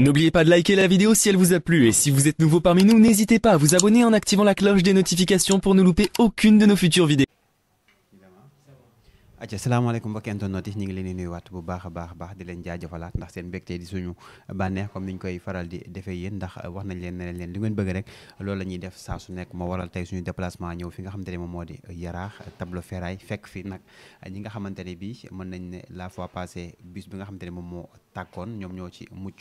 N'oubliez pas de liker la vidéo si elle vous a plu et si vous êtes nouveau parmi nous, n'hésitez pas à vous abonner en activant la cloche des notifications pour ne louper aucune de nos futures vidéos. acca salaamaaleykum mbokki internet yi ñu ngi leen di nuyuwaat bu baax a baax baax di leen jaajëfalaat ndax seen mbégte di suñu bànneex comme ni koy faral di defee yéen ndax wax nañ leen ne leen li ngeen bëgg rek loolu la ñuy def saa su nekk moo waral tey suñu nga xamante ne moom moo di yaraax tableau fekk fi nag ñi nga xamante ne bii mën nañ la fois passée bus bi nga xamante ne moom moo tàkkoon ñoom ñoo ci mucc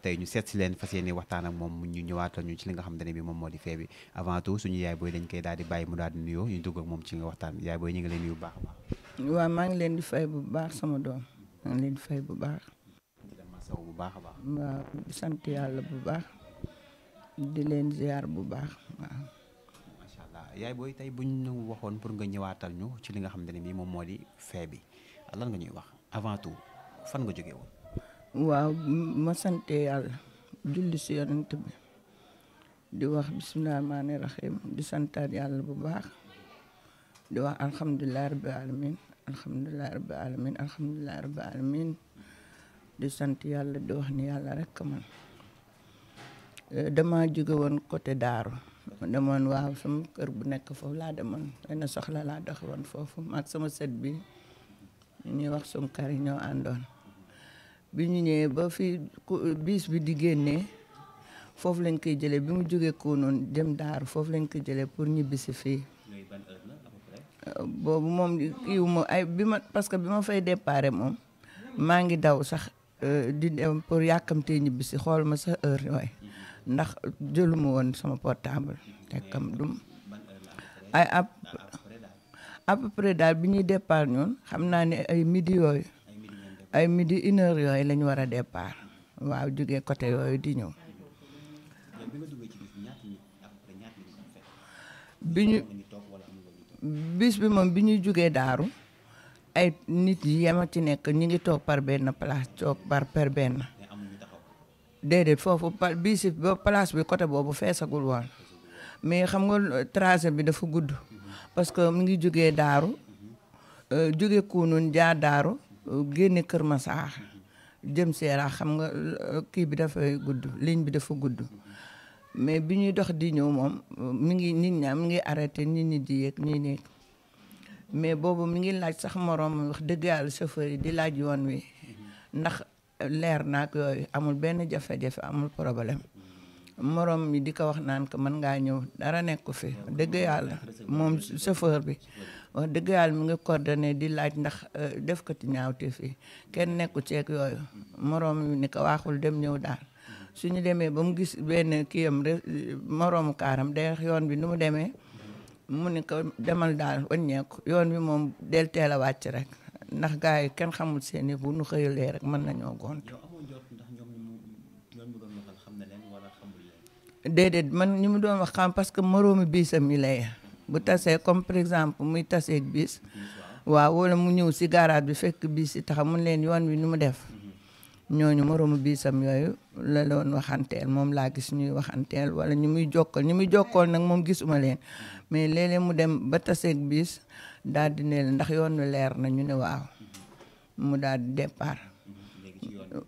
tey ñu seet si leen fas yéene waxtaan ak moom ñu ñëwaatal ñu ci li nga xamante ne bii moom moo di fee bi avant tout suñu yaay booy dañ koy daal di bàyyi mu daal di ñu dugg moom ci waxtaan yaay booy ñu ngi leen nuyu baax baax waa maa ngi leen di fay bu baax sama doom maa ngi leen di fay bu baax. bu baax a baax. waaw di sant yàlla bu baax di leen ziar bu baax waaw. yaay booy tey bu ñu waxoon pour nga ñëwaatal ñu ci li nga xam ne nii moom moo di fee bi lan nga ñuy wax avant tout fan nga jógee woon. waaw ma sant yàlla julli si yonent bi di wax bisimilah maani rahim di santaat yàlla bu baax. di wax alhamdulilah rabbil alamin alhamdulilah rabbil alamin di sant yàlla di wax ni yàlla rek man eh, dama jóge woon côté daaru ma demoon waaw sama kër bu nekk foofu laa demoon xëy na soxla laa dox woon foofu maag sama set bi ñu ñuy wax sum kari ñoo àndoon bi ñu ñëwee ba fii biis bi di génnee foofu lañ koy jële bi mu jógee koonoon dem daaru foofu lañ koy jëlee pour ñibbisi fii boobu moom kiiw ma ay bi ma parce que bi ma fay déparé moom maa ngi daw sax euh, di dem pour yàkkamtee ñibbi si xool ma sa heure waay ndax jëluma woon sama portable tekkam dum ay ab à peu daal bi ñuy départ ñoon xam naa ne ay midi yooyu ay midi une heure yooyu la ñu war a départ waaw jóge côté yooyu di ñëw bi ñu bis bi moom bi ñuy jógee daaru ay nit yi yema ci nekk ñu ngi toog par benn place toog par per benn déedéet foofu pa bii ba place bi côté boobu feesagul woon mais xam nga tracé bi dafa gudd parce que mu ngi jógee daaru euh, jóge Kounoune jaar daaru génne Kër Massar jëm Seera xam nga euh, kii bi dafay gudd ligne bi dafa gudd mais bi ñuy dox di ñëw moom mi ngi nit ñaa mi ngi arrêté nit ñi di yéeg ñuy nekk mais boobu mi ngi laaj sax moroom wax dëgg yàlla chauffeur yi di laaj yoon wi ndax leer naa ko yooyu amul benn jafe-jafe amul problème moroom mi di ko wax naan ko mën ngaa ñëw dara nekku fi dëgg yàlla moom chauffeur bi wax dëgg yàlla mu ngi coordonné di laaj ndax euh, def ko ci ñaawte fii kenn nekku ceeg yooyu moroom mi ni ko waaxul dem ñëw daal ñu demee ba mu gis benn kiim re moroomu kaaram day yoon bi nu mu demee mu ni ko demal daal waññeeku yoon bi moom del teel a wàcc rek ndax gars yi kenn xamul seen i bu nu xëyulee rek mën nañoo gont déedéet man ñi mu doon wax xam parce que moroomi biisam yi lay bu tasee comme par exemple muy tasee biis waaw wala mu ñëw si garage bi fekk biis yi taxaw mun leen yoon wi nu mu def mm-hmm. ñooñu moroomu biisam yooyu la loon waxanteel moom laa gis ñuy waxanteel wala ñu muy jokkal ñu muy jokkool nag moom gisuma leen mais léeg-léeg mu dem ba taseeg biis daal di ne la ndax yoon wi leer na ñu ne waaw mu daal di départ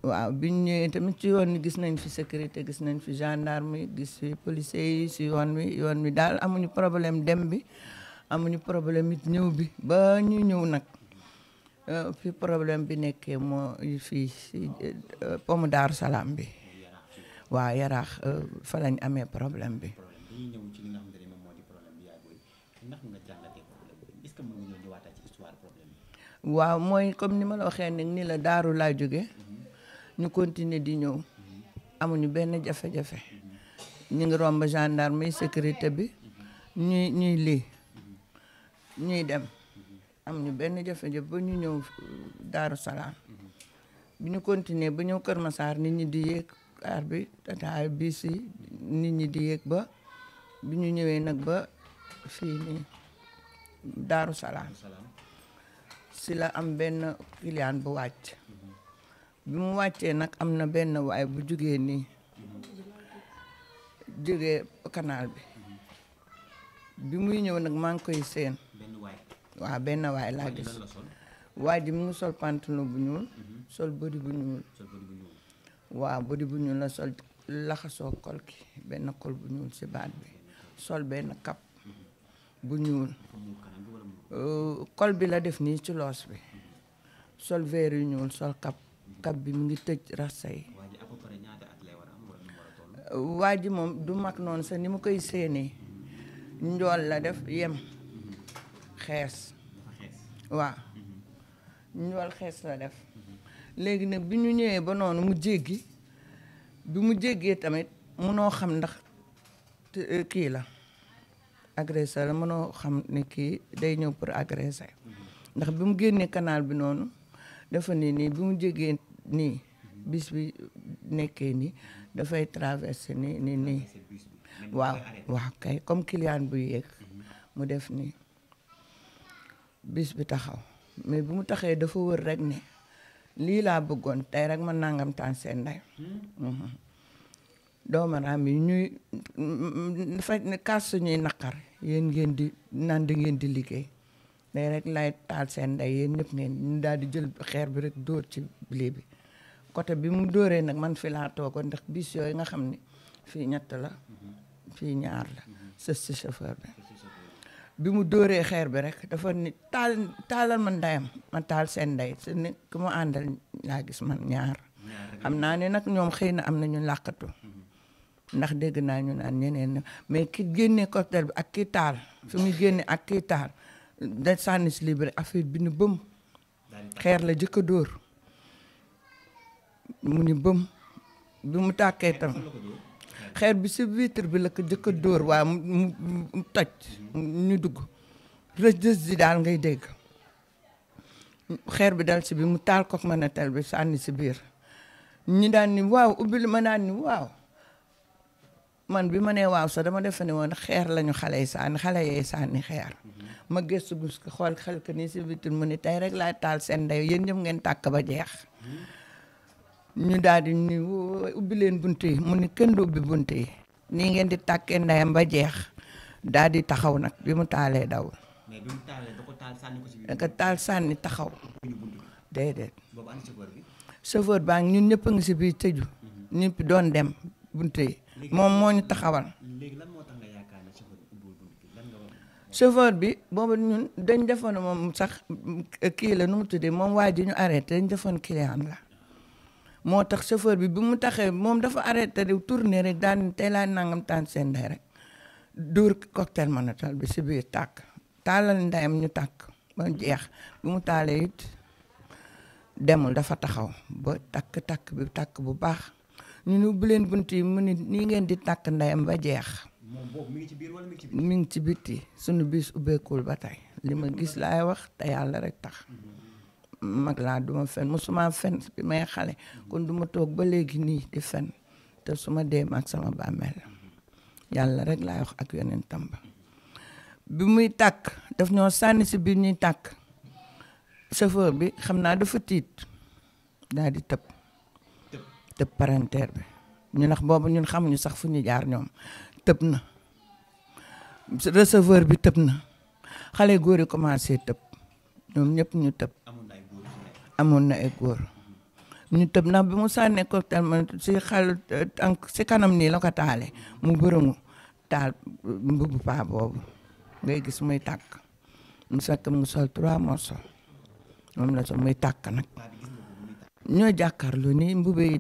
waaw biñ ñëwee tamit ci yoon gis nañ fi sécurité gis nañ fi gendarme yi gis fi policier yi si yoon wi yoon wi daal amuñu problème dem bi amuñu problème it ñëw bi ba ñuy ñëw nag Euh, fi problème bi nekkee moo fii si euh, euh, pomme daaru salaam bi waaw yaraax falañ amee problème bi. waaw mooy comme ni ma la waxee nag ni la daaru laa jóge ñu continuer di ñëw amuñu benn jafe-jafe ñu ngi romb gendarme yi sécurité bi ñuy ñuy lii ñuy dem. am ñu benn jafe-jafe ba ñu ñëw Daaru bi ñu continuer ba ñëw Kër Masaar nit ñi di yéeg aar bi tataay bi si nit ñi di yéeg ba bi ñu ñëwee nag ba fii nii Daaru Salaam si la am benn client bu wàcc bi mu wàccee nag am na benn waay bu jógee nii jógee kanaal bi bi muy ñëw nag maa ngi koy seen waa benn waay laa gis waa ji mu ngi sol pantalon bu ñuul sol body bu ñuul waaw body bu ñuul la sol laxasoo kol ki benn kol bu ñuul ci baat bi sol benn kap bu ñuul euh, kol bi la def nii ci loos bi sol veer yu ñuul sol kap kap bi mu ngi tëj rasta yi waa ji euh, moom du mag noonu sax ni mu koy séenee njool la def yem xees waaw njool mm-hmm. xees la def léegi nag bi ñu ñëwee ba noonu mu jéggi bi mu jéggee tamit mënoo xam ndax euh, kii la agresseur la mënoo xam ni kii day ñëw pour agresser mm-hmm. ndax bi mu génnee canal bi noonu dafa ni nii bi mu jéggee nii mm-hmm. bis bi nekkee nii dafay traversé nii nii nii waaw waaw kay comme client bu yéeg mu def nii bis bi taxaw mais bi mu taxee dafa wër rek ne lii laa bëggoon tey rek ma nangam taan seen ndey hmm? hmm. doomaraam yi ñuy dafa kaas suñuy naqar yéen ngeen di naan di ngeen di liggéey day rek lay taal seen ndey yéen ñëpp ngeen daal di jël xeer bi rek dóor ci blé bi côté bi mu dóoree nag man fi laa toogoon ndax biis yooyu nga xam ni fii ñett la hmm. fii ñaar la sës ci chauffeur bi bi mu dóoree xeer bi rek dafa ni taal taalal ma ndeyam ma taal seen ndey te ni ku mu àndal laa gis ma ñaar xam naa ne nag ñoom xëy na am na ñu làqatu ndax dégg naa ñu naan ñeneen mais ki génnee cocktail bi ak kii taal su muy génne ak kii taal da sànni si libre affaire bi nu bëm xeer la jëkk a dóor mu ni bëm bi mu tàkkee tam xeer bi si vitre bi la ko jëkk a dóor waaye mu toj ñu dugg rëj-rëj di daal ngay dégg xeer bi dal si bi mu taal kook manatel bi sànni si biir ñi daan ni waaw ubbi li ma daan ni waaw man bi ma nee waaw sax dama defe ne woon xeer lañu xale yi sànni xale yee sànni xeer mhm. ma gëstu gus ko xool xel ko nii si vitre mu ni tey rek laay taal seen ndey yéen ñëpp ngeen tàkk ba jeex mhm. ñu daal di ni ubbi leen bunt yi mu ni kenn du ubbi bunte yi nii ngeen di tàkkee ndeyam ba jeex daal di taxaw nag bi mu taalee daw. mais bi taal sànni ko si. taxaw. déedéet. boobu ànd baa ngi ñun ñëpp a ngi si biir tëju. Mhm. ñëpp doon dem bunt yi. moom moo ñu taxawal. léegi bi ubbiwul boobu ñun dañ defoon moom sax kii la nu mu tuddee moom waa ji ñu arrêté dañ defoon client la. moo tax chauffeur bi bi mu taxee moom dafa arrêté di tourner rek daan tey laa nangam taan seen ndey rek dóor cocktail Molotov bi si biir tàkk tàllal ndeyam ñu tàkk ba jeex bi mu taalee it demul dafa taxaw ba takk takk bi takk bu baax ñu nu bu leen bunt yi mu ni nii ngeen di takk ndeyam ba jeex moom boobu ngi ci biir wala suñu biis ubbeekul ba tey li ma gis laay wax te yàlla rek tax mhm. mag laa du ma fen musuma fen bi may xale kon du ma toog ba léegi nii di fen te suma ma dee ak sama bàmmeel yàlla rek laay wax ak yeneen tamba bi muy tàkk daf ñoo sànni si biir ñuy tàkk chauffeur bi xam naa dafa tiit daal tëb tëb parenteer bi ñu ndax boobu ñun xamuñu sax fu ñu jaar ñoom tëb na receveur bi tëb na xale góor yi commencé tëb ñoom ñëpp ñu tëb amoon na ay góor mu ñu tëb na bi mu sànnee cocktail man si xal tànk si kanam nii la ko taale mu bërëmu taal mbubu paa boobu ngay gis muy tàkk mu sakk mu sol trois morceaux moom la sol muy tàkk nag ñoo jàkkaarloo nii mbubu yi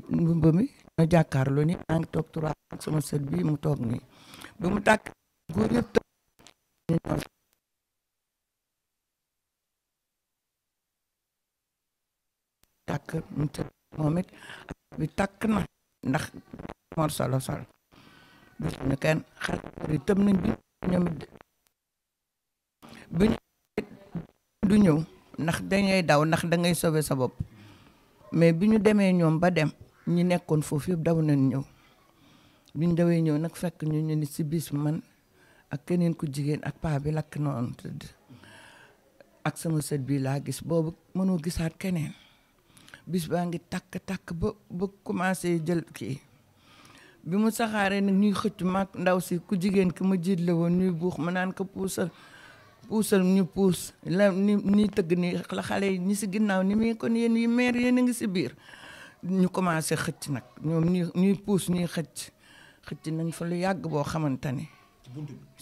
mi ñoo jàkkaarloo nii maa ngi toog trois sama sët bi mu toog nii bi mu tàkk góor yëpp tàkk moom na ndax Mor solo Sall bi ñu kenn xale nañ bi ñoom du ñëw ndax dañuy daw ndax dangay ngay sa bopp mais bi ñu demee ñoom ba dem ñi nekkoon foofu yëpp daw nañ ñëw bi ñu dawee ñëw nag fekk ñu ñu ni si bis man ak keneen ku jigéen ak paa bi lakk noonu tëdd ak sama sët bii laa gis boobu mënoo gisaat keneen bis baa ngi takk takk ba ba commencé jël kii bi mu saxaaree nag ñuy xëcc mag ndaw si ku jigéen ki ma jiit la woon ñuy buux ma naan ko puusal puusal ñu puus la ni nii tëgg ni la xale yi ñi si ginnaaw ni muy kon yéen yi meer yéen a ngi si biir ñu commencé xëcc nag ñoom ñuy ñuy puus ñuy xëcc xëcc nañ fa lu yàgg boo xamante ni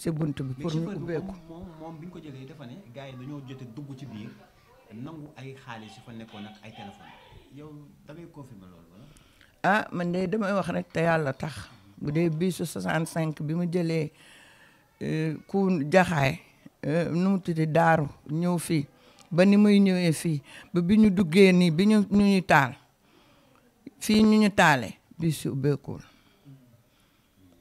si bunt bi pour ñu ubbeeku moom ko jëlee dafa gars yi dañoo jote dugg ci biir nangu ay xaalis nekkoon ak ay téléphone yow da ah man de damay wax rek te yàlla tax bu dee biisu 65 bi mu jëlee euh, ku jaxaay euh, nu mu daaru ñëw fii ba ni may ñëwee fii ba bi ñu duggee nii bi ñu ñu ñu taal fii ñu ñu taale biisu ubbeekuwul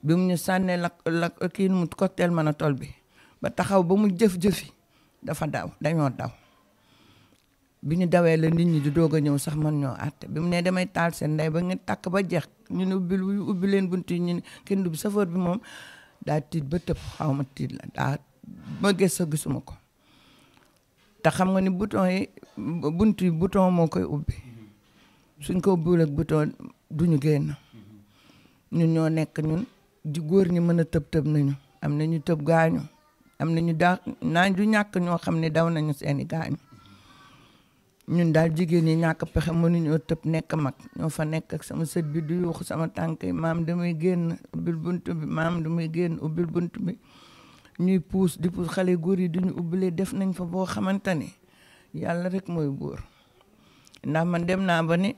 bi mu ñu sànnee la la kii nu mu cocktail Manotol bi ba taxaw ba mu jëf-jëfi dafa daw dañoo daw bi ñu dawee la nit ñi di doog a ñëw sax man ñoo àtte bi mu ne damay taal seen ndey ba ngeen takk ba jeex ñu ne ubbi ubbi leen bunt yi ñu ken kenn du bi moom daa tiit ba tëb xaw ma tiit la daa ma gës sa gisuma ko te xam nga ni bouton yi bunt yi bouton moo koy ubbi suñ ko ubbiwul ak bouton duñu génn ñun ñoo nekk ñun di góor ñi mën a tëb tëb nañu am nañu tëb gaañu am nañu daa naa du ñàkk ñoo xam ne daw nañu seeni gaañu ñun daal jigéen ñi ñàkk pexe mënuñoo tëb nekk mag ñoo fa nekk ak sama sët bi du yuuxu sama tànk yi maam damay génn ubbil bunt bi maam damay génn ubbil bunt bi ñuy puus di puus xale góor yi duñu ubbilee def nañ fa boo xamante ni yàlla rek mooy buur ndax man dem naa ba ni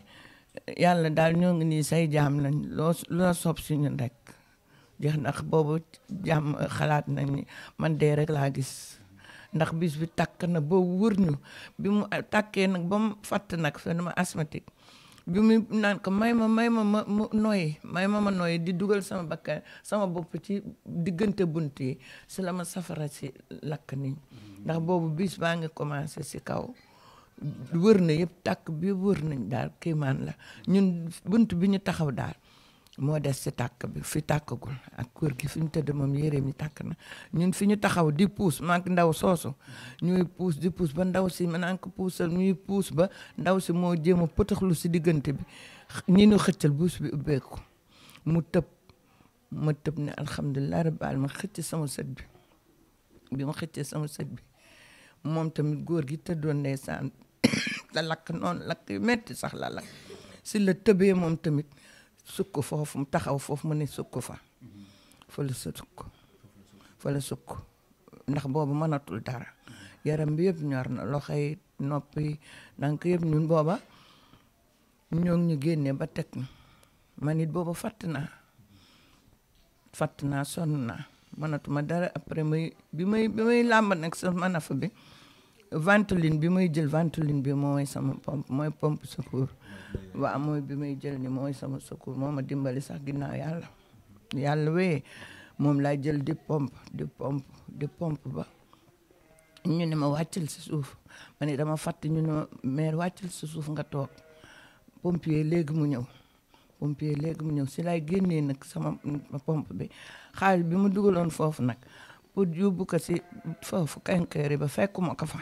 yàlla daal ñoo ngi nii say jaam lañ loo loo sob si ñun rek jeex ndax boobu jaam xalaat nañ ni man dee rek laa gis ndax bis bi takk na boobu wër ñu bi mu takkee nag ba mu fàtt nag fa dama asthmatique bi mu naan ko may ma may ma ma ma nooyi may ma ma nooyi di dugal sama bakkan sama bopp ci diggante bunt yi si la ma safara si lakk nii ndax boobu bis baa ngi commencé si kaw wër na yëpp takk bi wër nañ daal kéemaan la ñun bunt bi ñu taxaw daal moo des ci tàkk bi fi tàkkagul ak kër gi fi ñu tëdd moom yére mi tàkk na ñun fi ñu taxaw di puus maak ndaw soosu ñuy puus di puus ba ndaw si ma naan ko puusal ñuy puus ba ndaw si moo jéem a pëtaxlu si diggante bi ñi ñu xëccal buus bi ubbeeku mu tëb ma tëb ne alhamdulilah rabbaal ma xëcc sama sët bi bi ma xëccee sama sët bi moom tamit góor gi tëddoon ndeysaan la lakk noonu lakk yu metti sax la lakk si la tëbee moom tamit sukko foofu mu taxaw foofu mu ne sukk fa fa la sukk fa la sukk ndax boobu mënatul dara yaram bi yëpp ñor na loxo yi nopp yi donc yëpp booba ñoo ngi ñu génne ba teg man it booba fatt naa fatt na sonn naa mënatuma dara après may bi may bi may làmb nag sa mën a fa bi ventoline bi muy jël ventoline bi mooy sama pompe mooy pompe secours waaw mooy bi muy jël ni mooy sama secours moo ma dimbali sax ginnaaw yàlla yàlla wee moom laa jël di pompe di pompe di pompe ba ñu ne ma wàccal si suuf ma ne dama fàtt ñu ne ma maire wàccal si suuf nga toog pompier léegi mu ñëw pompier léegi mu ñëw si laay génnee nag sama pompe bi xaalis bi mu dugaloon foofu nag pour yóbbu ko si foofu kankeri ba fekkuma ko fa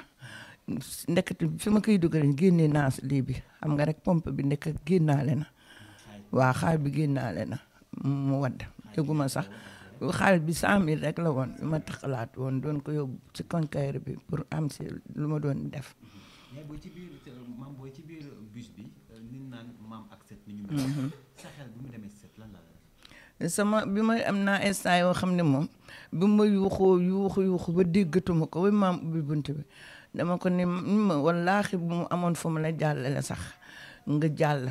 ndeket fi ma koy dugal génne naa si lii bi xam nga rek pompe bi ndeket génnaale na waa xaal bi génnaale na mu wadd yëguma sax xaal bi cent mille rek la woon bi ma taxalaat woon doon ko yóbbu ci concaire bi pour am lu ma doon def. mais ci biir ci biir bus bi nit naan maam mhm. bi demee sama bi ma am naa instant yoo xam ne moom bi ma yuuxoo yuuxu yuuxu ba déggatuma ko ba maam ubbi bunt bi. dama ko ni ma mm, wallaahi bu mu amoon fu ma la jàllale sax nga jàll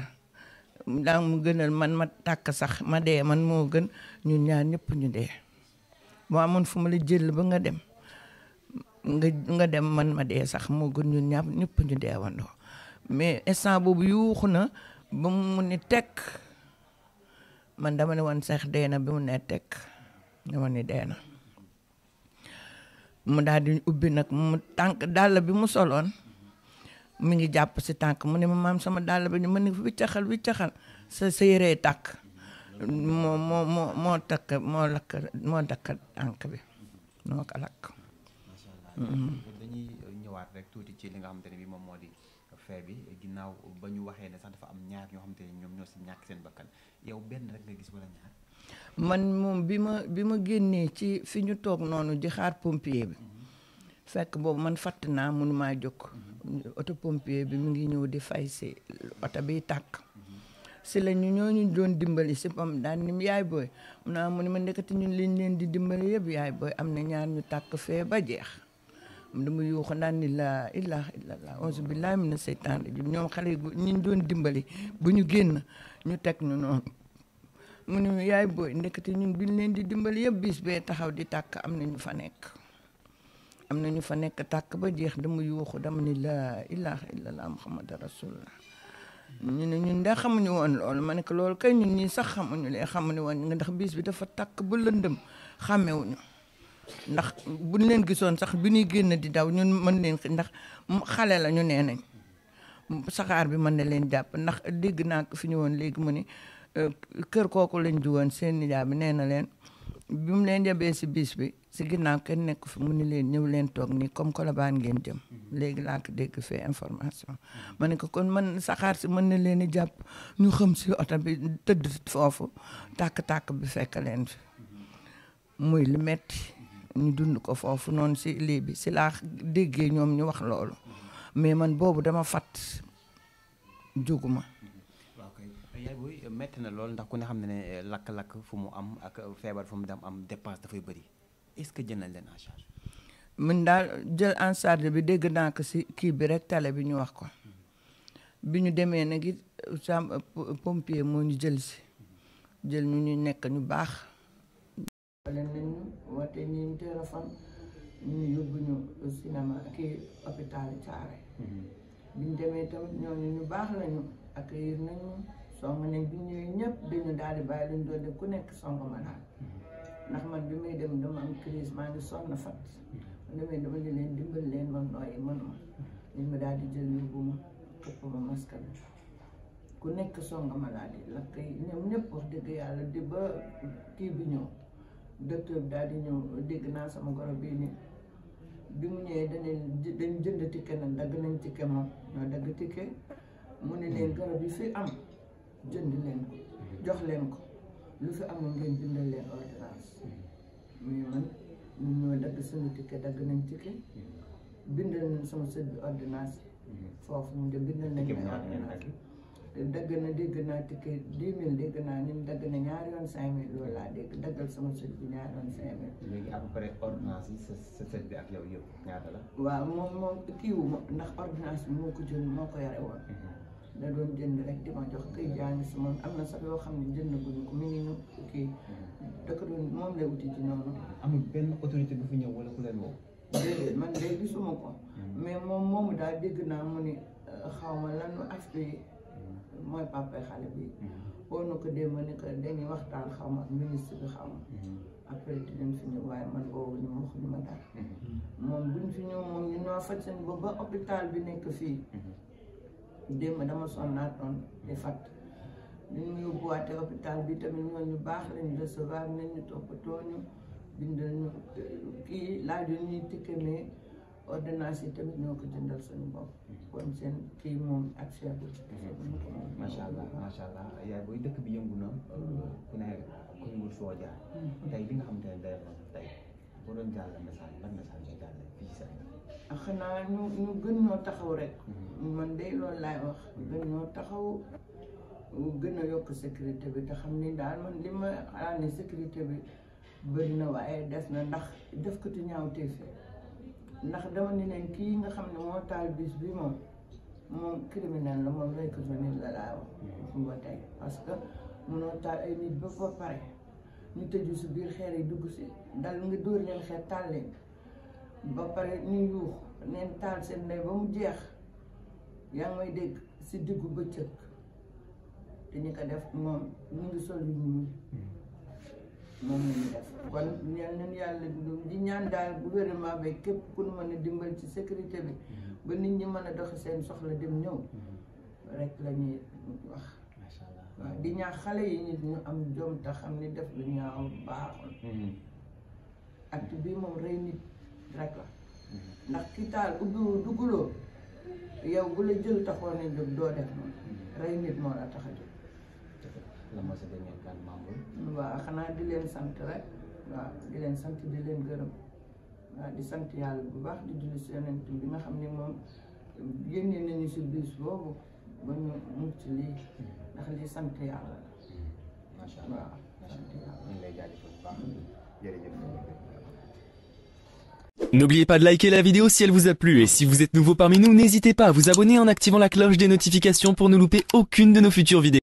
daa mu gënal man ma tàkk sax ma dee man moo gën ñu ñaar ñëpp ñu dee boo amoon fu ma la jël ba nga dem nga nga dem man ma dee sax moo gën ñu ñaar ñëpp ñu dee deewandoo mais instant boobu yuuxu na ba mu ni tekk man dama ne woon sax dee na bi mu ne tekk dama ni dee na mu daal di ubbi nag mu tànk dàll bi mu soloon mu ngi jàpp si tànk mu ne ma maam sama dàll bi ni ma ni wiccaxal wiccaxal sa sa yëree tàkk moo moo moo moo takk moo lakk moo dakk tànk bi moo ko lakk mm-hmm. dañuy ñëwaat rek tuuti ci li nga xamante ne bi moom moo di fee bi ginnaaw ba ñu waxee ne sax dafa am ñaar ñoo xam ne ñoom ñoo si ñàkk seen bakkan yow benn rek nga gis wala ñaar man moom bi ma bi ma génnee ci fi ñu toog noonu di xaar pompier bi fekk boobu man fatt naa mënumaa jóg oto pompier bi mu ngi ñëw di fay si oto biy tàkk si la ñu ñooñu doon dimbali si pam daan ni yaay booy mu naa ah, mu ne ma ñun liñ leen di dimbali yëpp yaay booy am na ñaar ñu tàkk fee ba jeex dama yuuxu naan ni laa ilaha illallah auzu billahi mina seytaan rajim ñoom xale yi ñu doon dimbali bu ñu génn ñu teg ñu noonu mu ne ñu yaay booy ndekete ñun biñ leen di dimbali yëpp biis bee taxaw di tàkk am na ñu fa nekk am na ñu fa nekk tàkk ba jeex dama yuuxu dama ni laa ilaha illallah muhammad rasulullah ñu ne ñun de xamuñu woon loolu ma nekk loolu kay ñun ñii sax xamuñu lee xamuñu woon nga ndax biis bi dafa tàkk bu lëndëm xàmmewuñu ndax bu leen gisoon sax bi ñuy génn di daw ñun mën leen ndax xale lañu nee nañ saxaar bi mën na leen jàpp ndax dégg naa ko fi ñu léegi mu ni Euh, kër kooku lañ jugoon seen nijaay bi nee na leen bi mu leen yebee si biis bi si ginnaaw kenn nekk fi mu ni leen ñëw leen toog nii comme Colobane ngeen jëm mhm. léegi laa ko dégg fee information ma ne ko kon man saxaar si mën na leen di jàpp ñu xam si oto bi tëdd foofu tàkk-tàkk bi fekk leen fi mhm. muy li metti mhm. ñu dund ko foofu noonu si lii bi si laa déggee ñoom ñu wax loolu mais man boobu dama fat jóguma yaay booy na lool ndax ku ne xam ne ne eh, lakk-lakk fu mu am ak eh, feebar fu mu dem am dépense dafay bëri est-ce que jël nañ leen en charge. daal jël en charge bi dégg naa ko si kii bi rek tale bi ñu wax ko bi ñu demee nag it sam eh, pompier moo ñu jël si jël ñu ñu nekk ñu baax. leen nañ ñu woote ñu yóbbu ñu cinéma kii hôpital Thiaré. Mm-hmm. bi ñu demee tamit ñooñu ñu baax lañu accueillir nañu. song nañ bi ñëwee ñëpp dañu daal di bàyyi lañ doon def ku nekk song ma naan ndax man bi may dem dama am crise maa ngi sonn fat man damay dama ne leen dimbal leen man nooyi mënuma ma daal di jël yóbbu ma nekk song ma daal di lakk dëgg yàlla di bi ñëw docteur bi daal di ñëw dégg naa sama goro bii nii mu ñëwee danañ dañ jënd ticket nag dagg nañ ticket moom ñoo dagg ticket mu ne leen garab bi fi am jënd leen ko mhm. jox leen ko lu fi amul ngeen bindal leen ordonnance mais mhm. man ñun ñoo dagg suñu ticket dagg nañ ticket mhm. bindal nañ sama sët bi ordonnance foofu ñun de bindal nañ ay ordonnance dagg na dégg naa ticket dix mille dégg naa ñun dagg na ñaari yoon cinq mille loolu laa dégg daggal sama sët bi ñaari yoon cinq mille. léegi à peu près yi sa sa sët bi ak yow yëpp ñaata la. waaw moom moom kiiwu ndax ordonnance moo ko jël moo ko yore woon. da doon jënd rek di ma jox këy jaa ngi si moom am na sax yoo xam ne jënd guñu ko mu ngi ñu kii da ko doon moom lay wuti ci noonu. amul benn autorité bu fi ñëw wala ku leen woo. déedéet man de ko. Hmm. mais moom moomu daal dégg naa mu ni euh, xaw ma lan mu as yi hmm. mooy papa bi. Hmm. na ko démb ni que waxtaan xaw ma ak xaw ma. après dinañ fi ñëw waaye man boobu ñu wax ñu ma daal. moom buñ fi ñëw moom ñu ñoo faj seen bopp ba hôpital bi nekk fii. démb dama sonnaatoon di fatt ñu ñu yóbbuwaatee hôpital bi tamit ñoo ñu baax lañu recevoir nañ ñu toppatoo ñu bindal ñu kii laaju ñuy tikke mais ordonnance yi tamit ñoo ko jëndal suñu bopp kon seen kii moom ak cher bu ci macha allah macha allah yaay booy dëkk bi yëngu na euh, ku ne ku ñu wut foo jaar hmm. nga xam te ne day tey boo doon jàll message ban message ngay jàll fii Sénégal xanaa ñu ñu gën ñoo taxaw rek mm-hmm. man de loolu laay wax mm-hmm. gën ñoo taxaw gën a yokk sécurité bi te xam ni daal man li ma xalaat ne sécurité bi bëri na waaye des na ndax def ko ci ñaawteef ndax dama ni leen kii nga xam ne moo taal bis bi moom moom criminel la moom la laa wax mm-hmm. parce que mënoo taal ay nit ba ba pare ñu tëju si biir xeer dal nga dóor leen xeer taal leen ba pare ñu yuux neen taal seen lay ba mu jeex yaa ngi may dégg si diggu bëccëg te ñu ko def moom ñu ngi sol yu ñuul moom la ñu def kon ñaan nañu yàlla di ñaan daal gouvernement bi képp ku ñu mën a dimbal ci sécurité bi mm-hmm. ba nit ñi mën a dox seen soxla dem ñëw mm-hmm. rek lañuy ñuy wax waaw di ñaax xale yi nit ñu am jom te xam ni def lu ñaaw baaxul mm-hmm. acte bi moom rey nit rek la ndax ki taal ubbiwul dugguloo yow bu la jël taxoon ne jóg doo def noonu rey nit moo la tax a jóg waaw xanaa di leen sant rek waaw di leen sant di leen gërëm waaw di sant yàlla bu baax di julli si yonent bi nga xam ne moom génne nañu si biis boobu ba ñu mucc lii ndax li sant yàlla la mm-hmm. macha allah waaw sant yàlla ñu lay jaajëfal bu baax mm-hmm. jërëjëf N'oubliez pas de liker la vidéo si elle vous a plu et si vous êtes nouveau parmi nous, n'hésitez pas à vous abonner en activant la cloche des notifications pour ne louper aucune de nos futures vidéos.